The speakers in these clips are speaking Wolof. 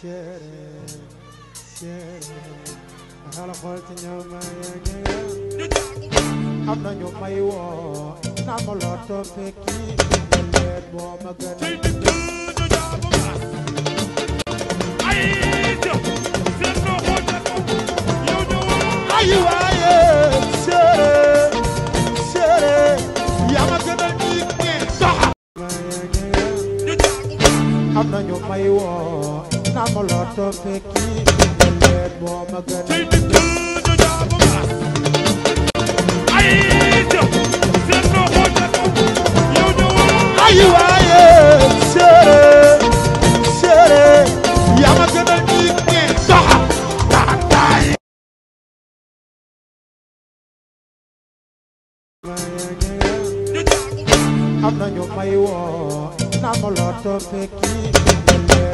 شيرين شيرين xala xool ci ñëw ma ay waaye na ma loo toppee kii nga leen moo ma gën a. ayi waaye séeréer séeréer yaa ma gën a ñuy kii doxa taataay. am na ñu may woo na ma loo toppee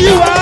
you are.